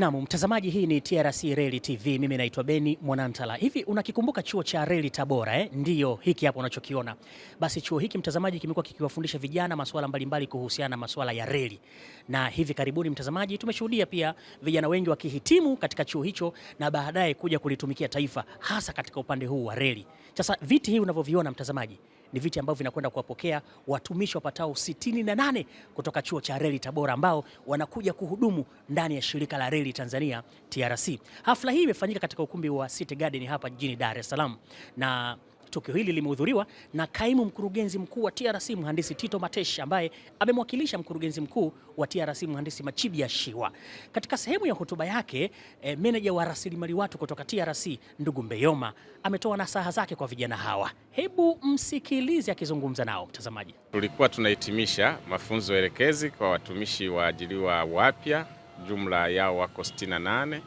Naam, mtazamaji, hii ni TRC Reli TV. Mimi naitwa Beni Mwanantala. Hivi unakikumbuka chuo cha Reli Tabora eh? Ndiyo hiki hapo unachokiona. Basi chuo hiki mtazamaji, kimekuwa kikiwafundisha vijana masuala mbalimbali kuhusiana na masuala ya reli, na hivi karibuni mtazamaji, tumeshuhudia pia vijana wengi wakihitimu katika chuo hicho na baadaye kuja kulitumikia taifa, hasa katika upande huu wa reli. Sasa viti hii unavyoviona mtazamaji ni viti ambavyo vinakwenda kuwapokea watumishi wapatao 68 na nane kutoka chuo cha reli Tabora ambao wanakuja kuhudumu ndani ya shirika la reli Tanzania TRC. Hafla hii imefanyika katika ukumbi wa City Garden hapa jijini Dar es Salaam na Tukio hili limehudhuriwa na kaimu mkurugenzi mkuu wa TRC mhandisi Tito Matesh ambaye amemwakilisha mkurugenzi mkuu wa TRC mhandisi Machibia Shiwa. Katika sehemu ya hotuba yake e, meneja wa rasilimali watu kutoka TRC ndugu Mbeyoma ametoa nasaha zake kwa vijana hawa. Hebu msikilize akizungumza nao, mtazamaji. Tulikuwa tunahitimisha mafunzo elekezi kwa watumishi waajiriwa wapya, jumla yao wako 68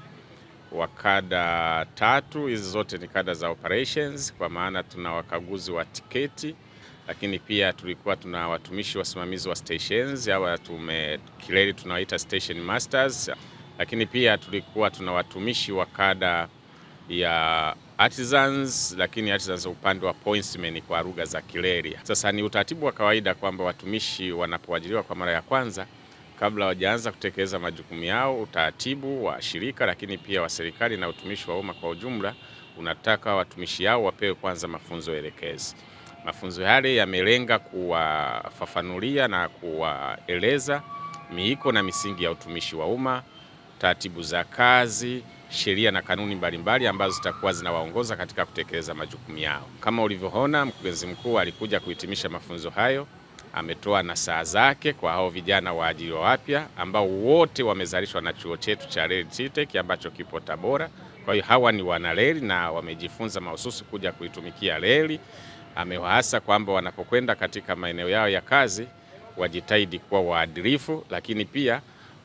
wa kada tatu. Hizi zote ni kada za operations, kwa maana tuna wakaguzi wa tiketi, lakini pia tulikuwa tuna watumishi wasimamizi wa stations, hawa tumekireli tunawaita station masters, lakini pia tulikuwa tuna watumishi wa kada ya artisans, lakini artisans upande wa pointsmen kwa lugha za Kileria. Sasa ni utaratibu wa kawaida kwamba watumishi wanapoajiriwa kwa mara ya kwanza kabla hawajaanza kutekeleza majukumu yao. Utaratibu wa shirika lakini pia wa serikali na utumishi wa umma kwa ujumla unataka watumishi hao wapewe kwanza mafunzo elekezi. Mafunzo yale yamelenga kuwafafanulia na kuwaeleza miiko na misingi ya utumishi wa umma, taratibu za kazi, sheria na kanuni mbalimbali ambazo zitakuwa zinawaongoza katika kutekeleza majukumu yao. Kama ulivyoona, mkurugenzi mkuu alikuja kuhitimisha mafunzo hayo ametoa na saa zake kwa hao vijana waajiriwa wapya ambao wote wamezalishwa na chuo chetu cha Reli TTEC ambacho kipo Tabora. Kwa hiyo hawa ni wanareli na wamejifunza mahususi kuja kuitumikia reli. Amewaasa kwamba wanapokwenda katika maeneo yao ya kazi wajitahidi kuwa waadilifu, lakini pia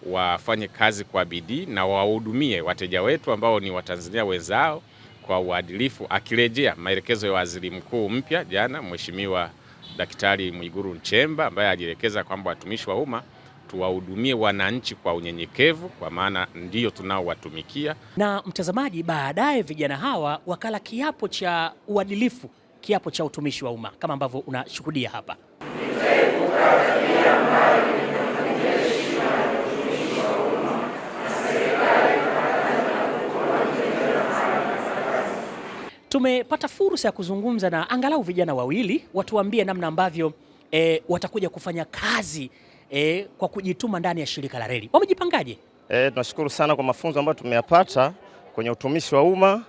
wafanye kazi kwa bidii na wahudumie wateja wetu ambao ni Watanzania wenzao kwa uadilifu, akirejea maelekezo ya Waziri Mkuu mpya jana Mheshimiwa Daktari Mwiguru Nchemba ambaye alielekeza kwamba watumishi wa umma tuwahudumie wananchi kwa unyenyekevu, kwa maana ndiyo tunaowatumikia. Na mtazamaji, baadaye vijana hawa wakala kiapo cha uadilifu, kiapo cha utumishi wa umma kama ambavyo unashuhudia hapa. tumepata fursa ya kuzungumza na angalau vijana wawili watuambie namna ambavyo e, watakuja kufanya kazi e, kwa kujituma ndani ya shirika la reli. Wamejipangaje? E, tunashukuru sana kwa mafunzo ambayo tumeyapata kwenye utumishi wa umma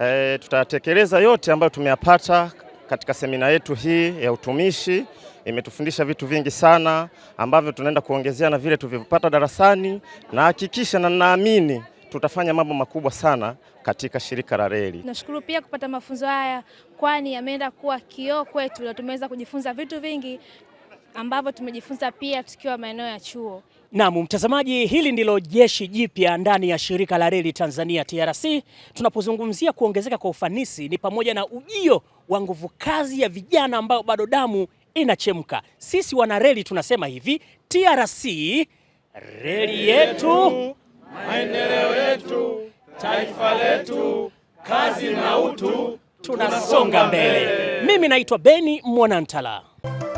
e, tutatekeleza yote ambayo tumeyapata katika semina yetu hii ya utumishi. Imetufundisha vitu vingi sana ambavyo tunaenda kuongezea na vile tulivyopata darasani, na hakikisha na naamini tutafanya mambo makubwa sana katika shirika la reli. Nashukuru pia kupata mafunzo haya, kwani yameenda kuwa kioo kwetu. na tumeweza kujifunza vitu vingi ambavyo tumejifunza pia tukiwa maeneo ya chuo. Naam, mtazamaji, hili ndilo jeshi jipya ndani ya shirika la reli Tanzania TRC. Tunapozungumzia kuongezeka kwa ufanisi, ni pamoja na ujio wa nguvu kazi ya vijana ambao bado damu inachemka. Sisi wana reli tunasema hivi, TRC reli yetu maendeleo yetu, taifa letu, kazi na utu, tunasonga mbele. Mimi naitwa Beni Mwanantala.